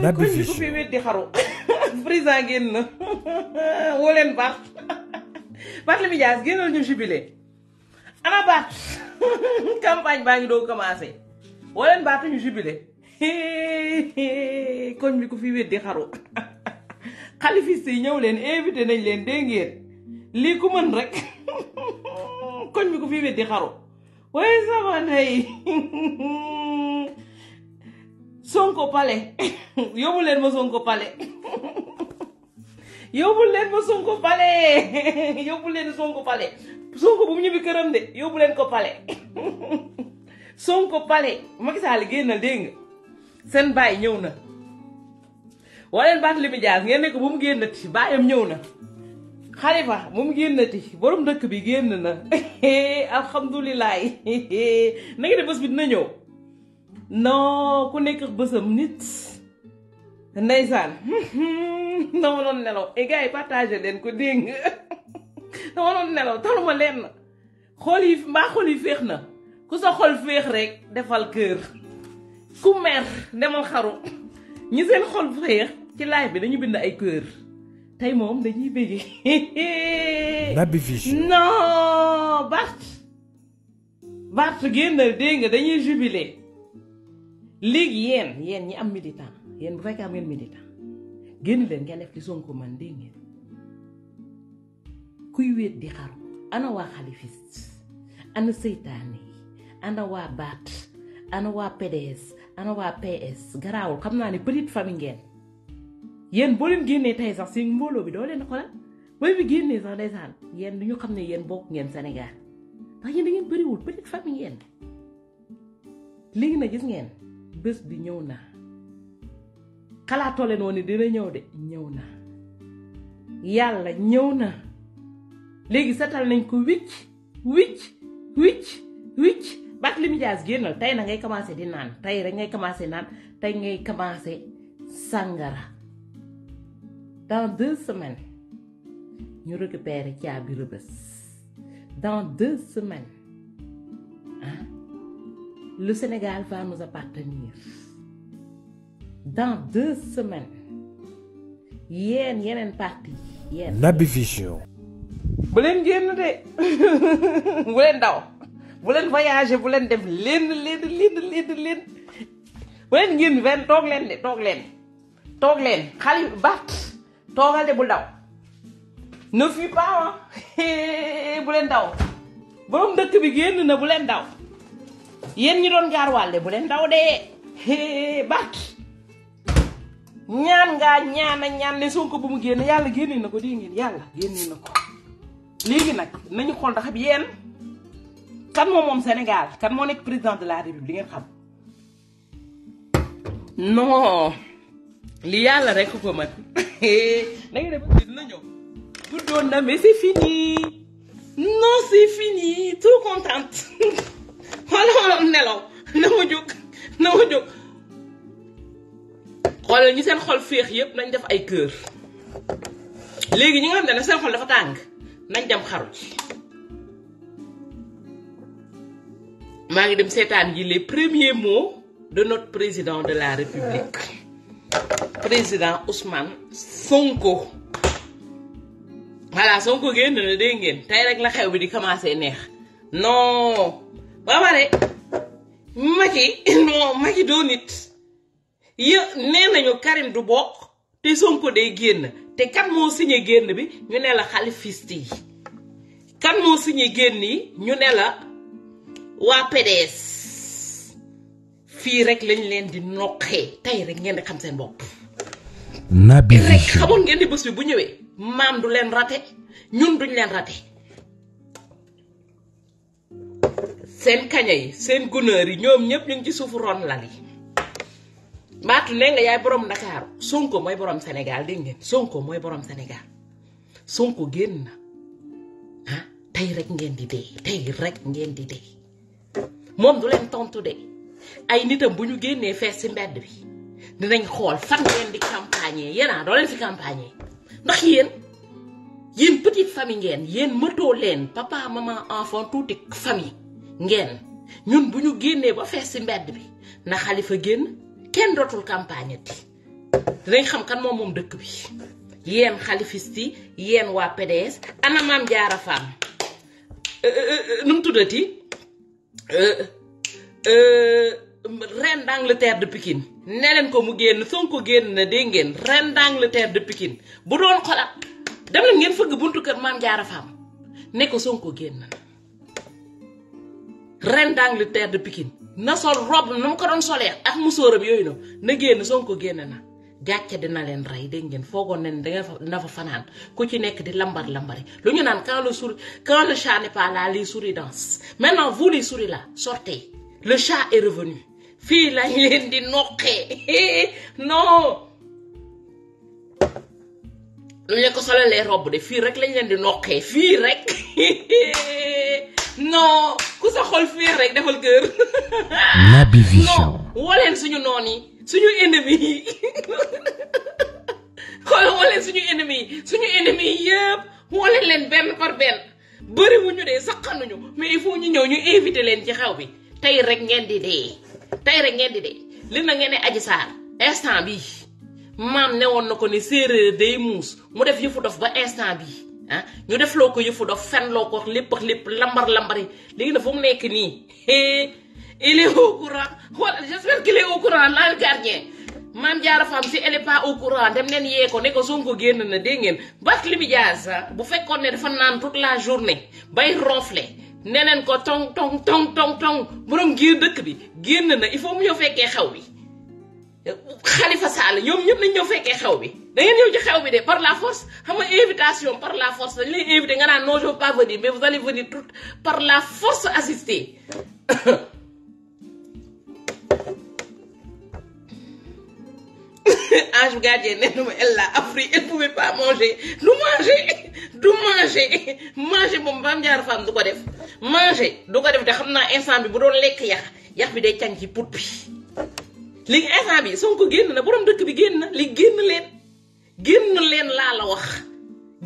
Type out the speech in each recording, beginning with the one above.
la division ku fi weddi xaru président génn na woo leen Bart Barthélémy Dias génnal ñu jubilé ana Bart campagne ngi doo commencé woo leen Bart koñ bi ku fi weddi xaru xalifiste yi ñëw leen invité nañ leen dégg ngeen lii ku mën rek koñ bi ku fi weddi xaru waaye sama Sonko ko yóbbu leen ma Sonko palais yóbbu leen ma Sonko palais yóbbu leen Sonko palais Sonko bu mu ñibbi këram de yóbbu leen ko palais Sonko palais Macky Sall génn na dégg nga seen baay ñëw na. wala leen baat li mu jaas ngeen ne ko bu mu génnati baayam ñëw na Xalifa bu mu génnati borom dëkk bi génn na alhamdulilah na nga def bés bi dina ñëw. non ku nekk bësam nit ndeysaan dama doon nelaw et eh, yi partagé leen ko dégg dama doon nelaw taluma leen xol yi mbaa xool yi féex na ku sa xol féex rek defal kër ku mer demal xaru ñi seen xol féex ci live bi dañu bind ay kër tey moom dañuy bëggee Naby Vision non Bart Bart génnal dégg nga dañuy jubilé léegi yéen yéen ñi am militant yéen bu fekkee am ngeen militant génn leen ngeen def li Sonko man dégg ngeen kuy wéet di xaru ana waa xalifiste ana seytaane yi ana waa baat ana waa PDS ana waa PS garaawul xam naa ne petite famille ngeen yéen boo leen génnee tey sax si mbooloo bi doo leen xoolal booy bi génnee sax ndeysaan yéen du ñu xam ne yéen bokk ngeen Sénégal ndax yéen da ngeen bëriwul petite famille ngeen léegi na gis ngeen bés bi ñëw naa xalaatoo leen woon ne dina ñëw de ñëw na yàlla ñëw na léegi setal nañ ko wicc wicc wicc wicc Barthélémy Dias génnal tey na ngay commencé di naan tey rek ngay commencé naan tey ngay commencé sàngara dans deux semaines ñu récupérer caabi rëbës dans deux semaines le Sénégal va nous appartenir. Dans deux semaines, partie y parti a une Vision. bu leen vous de bu voyager bu vous voulez bu de voulez de ne fuis pas hein. yéen ñi doon gaar wàlle bu leen daw dee barki ñaan ngaa ñaana ñaan ne Sonko bu mu génn yàlla génne na ko dégg yàlla génne na ko léegi nag nañu xool ndax yéen kan moo moom Sénégal kan moo nekk président de la République ngeen xam non li yàlla rek ko mën da nga def dina ñëw guddoon na mais c'est fini non c'est fini tout contente xoolal nelaw na jóg na jóg xoolal ñi seen xol féex yëpp nañ def ay kër léegi ñi nga xam ne nag seen xol dafa tàng nañ dem xaru ci maa ngi dem seetaan yi les premiers mots de notre président de la république président Ousmane Sonko voilà Sonko génn na dégg ngeen tey rek la xew bi di commencé neex non ba pare Macky non Macky doo nit yë nee nañu Karim du bokk te Sonko day génn te kan moo signé génn bi ñu ne la xalifiste yi kan moo signé génn yi ñu ne la waa PDS fii rek lañ leen di noqee tey rek ngeen di xam seen bopp. Naby Vision rek xamoon ngeen di bés bi bu ñëwee maam du leen rate ñun duñ leen rate seen kaña yi seen gunóor yi ñoom ñëpp ñu ngi ci suufu ron lal yi Mate ne nga yaay borom Dakar Sonko mooy borom Sénégal dégg ngeen Sonko mooy borom Sénégal Sonko génn na ah tey rek ngeen di dee tey rek ngeen di dee moom du leen tontu de ay nitam bu ñu génnee fees ci mbedd bi dinañ xool fan ngeen di campagne yéen a doo leen fi campagne ndax yéen yéen petite famille ngeen yéen mëtoo leen papa maman enfant tuuti famille. ngeen ñun bu ñu génnee ba fees si mbedd bi na xalifa génn kenn dootul campagne ti xam kan moom moom dëkk bi yéen xalifiste yi yéen waa PDS ana maam jaara faam nu mu tuddati euh, euh, euh, reine d'Angleterre de Pikine ne leen ko mu génn Sonko génn na dégg ngeen reine d'Angleterre de Pikine bu doon xolat dem leen ngeen fëgg buntu kër maam jaara faam ne ko Sonko génn reine d'Angleterre de Pikine na sol robe na ko don solé ak musóoram yooyu noonu na génn Sonko génn na dina len ray de ne na fa di lambar lambari lu ñu quand le quand le chat n'est pas là les souris dansent maintenant vous les souris là sortez le chat est revenu fi lañ len di noqee non le ko robe de fi rek lañ len di fi rek rek defal kër. Naby Vision woo leen suñu noon yi suñu ennemi yi xool woo leen suñu ennemi yi suñu ennemi yi yëpp woo leen leen benn par benn bëri wuñu dee saqanuñu mais il ñu ñëw ñu invité leen ci xew bi tey rek ngeen di dee tey rek ngeen di dee li na ngeen ne Adji instant bii maam newoon na ko ni séeréer day muus mu def yëfu dof ba instant bii. Hein? ñu def loo ko yëfu dof fen loo ko wax lépp ak lépp lambar lambari léegi na fu mu nekk nii il est au courant wala j'espère qu'il est au courant la gardien maam jaara faam si elle est pas au courant dem leen yee ko ne ko Sonko génn na dégg ngeen Barthélémy Dias ah, bu fekkoon ne dafa naan toute la journée bay ronfle neneen ko tong tong tong tong tong borom giir dëkk bi génn na il faut mu ñëw fekkee xew bi Khalifa Sall ñoom ñëpp nañ ñëw fekkee xew bi par la force invitation par la force les lay non je pas venir mais vous allez venir tout par la force assister. ange gardien elle la elle pouvait pas manger nous manger nous manger manger pour manger nous du manger du ko def instant bi nous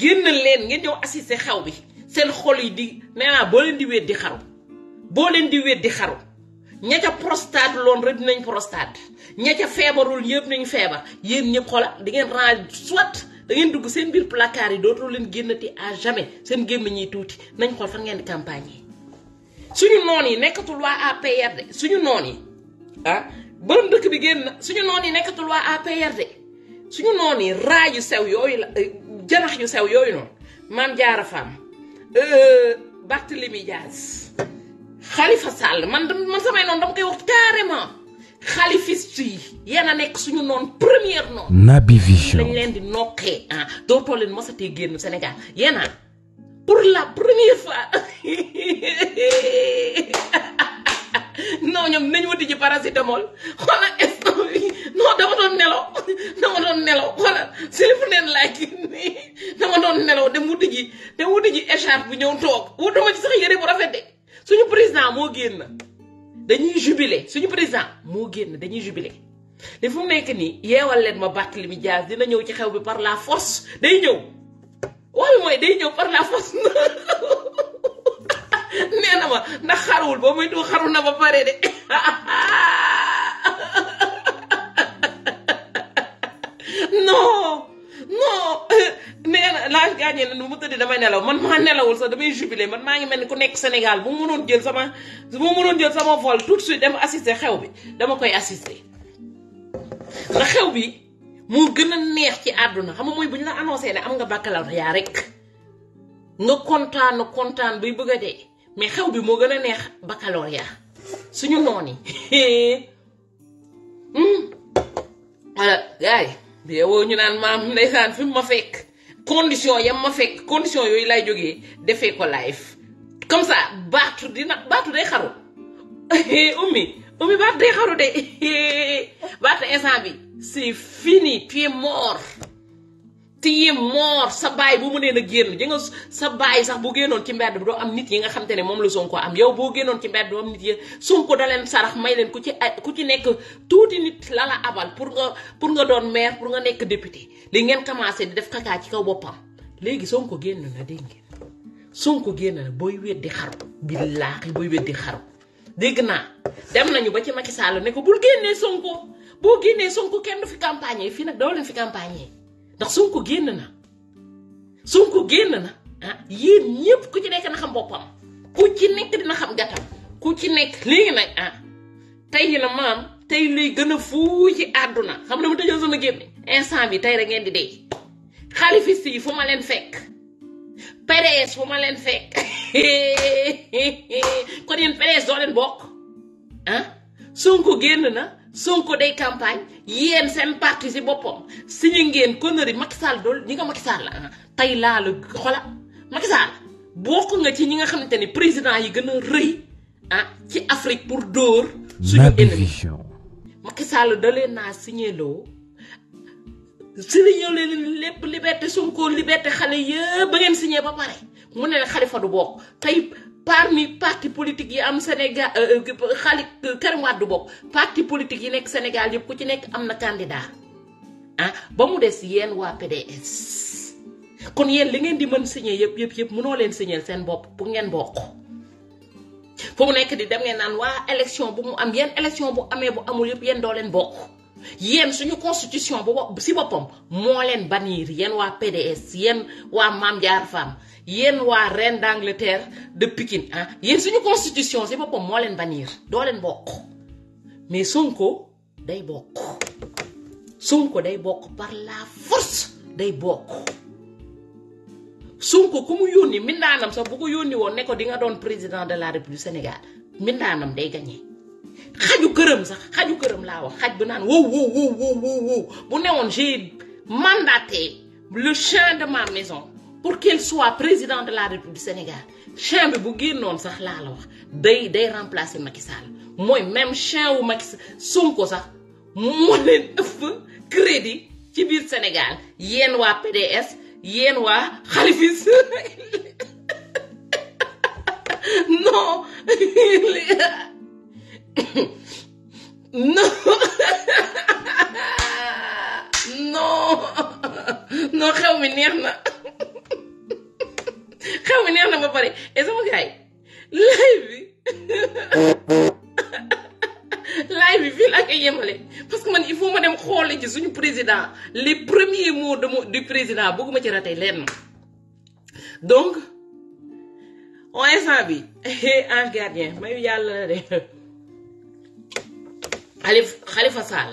génnal leen ngeen ñëw assister xew bi seen xol yi di nee naa boo leen di wéet di xaru boo leen di wéet di xaru ña ca prostate loon rek dinañ prostate ña ca feebarul yëpp nañu feebar yéen ñëpp xoola di ngeen range soit da ngeen dugg seen biir placard yi dootul leen génnati à jamais seen génn yi tuuti nañ xool fan ngeen di campagne yi suñu noon yi nekkatul waa APR de suñu noon yi ah borom dëkk bi génn suñu noon yi nekkatul waa APR de suñu noon yi raaju sew yooyu la janax yu sew yooyu noonu Mame Diarra Fam euh, Barthélémy Dias Khalifa man man samay noonu dama koy wax carrément xalifiste yi yéen a nekk suñu noon première noon Naby Vision lañ leen di noqee ah. génn Sénégal yéen a non dama doon nelaw dama doon nelaw xoolal silifu neen laay kii nii dama doon nelaw dem wuti ji dem wuti ji écharpe bu ñëw toog wutuma ci sax yére bu rafet de suñu président moo génn dañuy jubilé suñu président moo génn dañuy jubilé te fu mu nekk nii yeewal leen ma Barthélémy Dias dina ñëw ci xew bi par la force day ñëw wala mooy day ñëw par la force nee na ma ndax xaruwul ba muy xaru na ba pare de non non eh, nee na l'âge gagné na nu mu tëddee damay nelaw man maa nelawul sax damay jubilé man maa ngi mel ni ku nekk Sénégal bu mu mënoon jël sama bu mu mënoon jël sama vol tout de suite dem assister xew bi dama koy assister ndax xew bi moo gën a neex ci àdduna xam nga mooy bu ñu la annoncé ne am nga baccalauréat rek nga kontaan kontaan buy bëgg a dee mais xew bi moo gën a neex baccalauréat suñu noon yi. voilà hmm, euh, gars yi bi woo ñu naan maam ndeysaan fi mu ma fekk condition yam ma fekk condition yooyu lay jógee defee ko live comme ça baatu dina baatu day xaru ummi ummi baatu day xaru de baatu instant bi c'est fini tu es mort tiim moor sa baay bu mu nee na génn ji nga sa baay sax bu génnoon ci mbedd bi doo am nit yi nga xam ne moom la Sonko am yow boo génnoon ci mbedd doo am nit yi Sonko da leen sarax may leen ku ci ku ci nekk tuuti nit la la abal pour nga pour nga doon maire pour nga nekk député li ngeen commencé di def kakaa ci boppam léegi Sonko génn na dégg ngeen Sonko génn na booy weddi xaru billaahi booy weddi xaru dégg naa dem nañu ba ci Macky Sall ne ko bul génnee Sonko boo génnee Sonko kenn fi campagne fii nag doo leen fi campagne ndax Sonko génn na Sonko génn na ah yéen ñëpp ku ci nekk na xam boppam ku ci nekk dina xam gàttam ku ci nekk léegi nag ah tey la maam tey luy gën a fuu ci àdduna xam na mu tëjoo sama génne instant bi tey rek ngeen di dee xalifiste yi fu ma leen fekk PDS fu ma leen fekk kon yéen PDS doo leen bokk ah Sonko génn na ko day campagne yéen seen parti si boppam signé ngeen connerie Macky Sall dool ñi nga Macky Sall la uh-huh. tey laa la xola Macky Sall bokk nga ci ñi nga xamante ne président yi gën a rëy ah ci Afrique pour dóor suñu ennemi Macky Sall da leen naa signé loo signé leen lépp liberté Sonko liberté xale yëpp ba ngeen signé ba pare mu ne Khalifa du bokk tey parmi parti politique yi am Sénégal xali euh, euh, euh, Karim du bokk parti politique yi nekk Sénégal yëpp ku ci nekk am na candidat ah, ba mu des yéen waa PDS kon yéen li ngeen di mën signé yëpp yëpp yëpp mënoo leen signé seen bopp pour ngeen bokk fu mu nekk di dem ngeen naan waa élection bu mu am yéen élection bu amee bu amul yëpp yéen doo leen bokk yéen suñu constitution bu si boppam moo leen bannir yéen waa PDS yéen waa Mame Diarra Fam une wa reine d'Angleterre de Il y a suñu constitution pas pour mo len bannir do len bokk mais Sonko day bokk Sonko day bokk par la force day bokk Sonko comme yoni bu ko yoni di nga président de la République du Sénégal day gagner xaju sax xaju la wax xaj bu Wo wo wo wo wo bu néwon j'ai mandaté le chien de ma maison pour qu'il soit président de la République du Sénégal chien bi bu génnoon sax la la wax day day remplacer Macky Sall Moi même chien wu Macky Sonko sax mo leen ëpp crédit ci biir Sénégal yéen wa PDS yéen wa Khalifis. non non non non xew mi neex na xew mi neex na ba pare et sama gars live bi live bi fii laa koy yemale parce que man il faut ma dem xoole ci suñu président les premiers mots de du président bëgguma ci raté leen donc on instant bi en gardien mayu yàlla la de Khalifa Khalifa Sall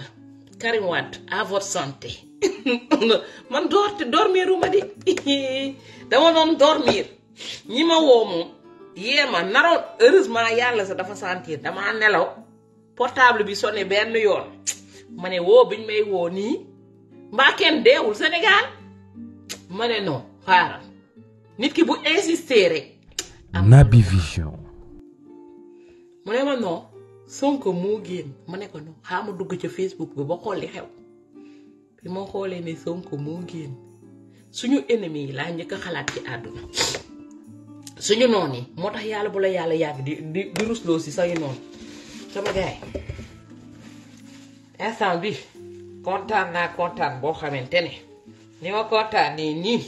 Karim à votre santé man dormir m'a di dama non dormir ñima ma ma heureusement sa dafa sentir nelaw portable bi sonné ben yoon mané wo buñ may wo ni, Sénégal mané non bu insister rek. Vision. mané non. Sonko moo génn ma ne ko non xaa ma dugg ca Facebook bi ba xool li xew bi ma xoolee ne Sonko moo génn suñu ennemi yi laa njëkk a xalaat ci àdduna suñu noon yi moo tax yàlla bu la yàlla yàgg di di di rusloo si say noonu sama gaay instant bi kontaan naa kontaan boo xamante ne ni ma kontaanee nii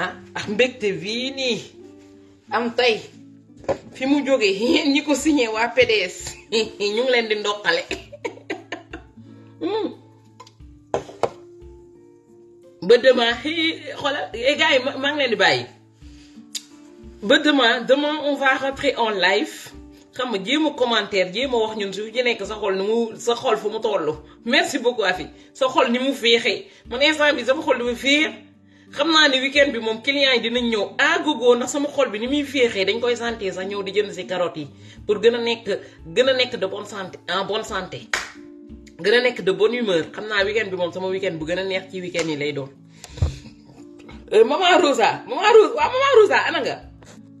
ah ak mbégte bii nii am tey fi mu jógee ñi ko signé wa PDS ñu ngi leen di ndoqale hmm. ba demain xoolal eh, gars yi maa ngi leen di bàyyi ba demain demain on va rentrer en live xam nga jéem a commentaire jéem a wax ñun su ci nekk sa xol ni mu sa xol fu mu toll merci beaucoup Afi sa xol ni mu féexee man instant bi sama xol ni mu féex xam naa ne weekend bi moom client yi dinañ ñëw agogo ah, ndax sama xol bi ni muy féexee dañ koy santé sax ñëw di jënd si carottes yi pour gën a nekk gën a nekk de bonne santé en bonne santé gën a nekk de bon humeur xam naa weekend bi moom sama weekend bu gën a neex ci weekend yi lay doon euh, maman Rosa maman Rosa waaw maman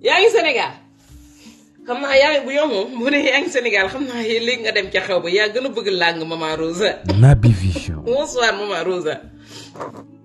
yaa ngi Sénégal xam naa yaa ngi bu yow moom bu ne yaa ngi Sénégal xam naa léegi nga dem ca xew ba yaa gën a bëgg làng maman Rosa. Naby Vision. bonsoir